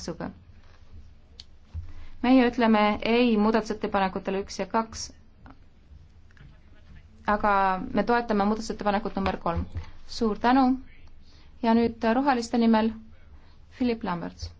maksuga. meie ütleme ei muudatusettepanekutele üks ja kaks, aga me toetame muudatusettepanekut number kolm. suur tänu ja nüüd roheliste nimel Philip Lambert.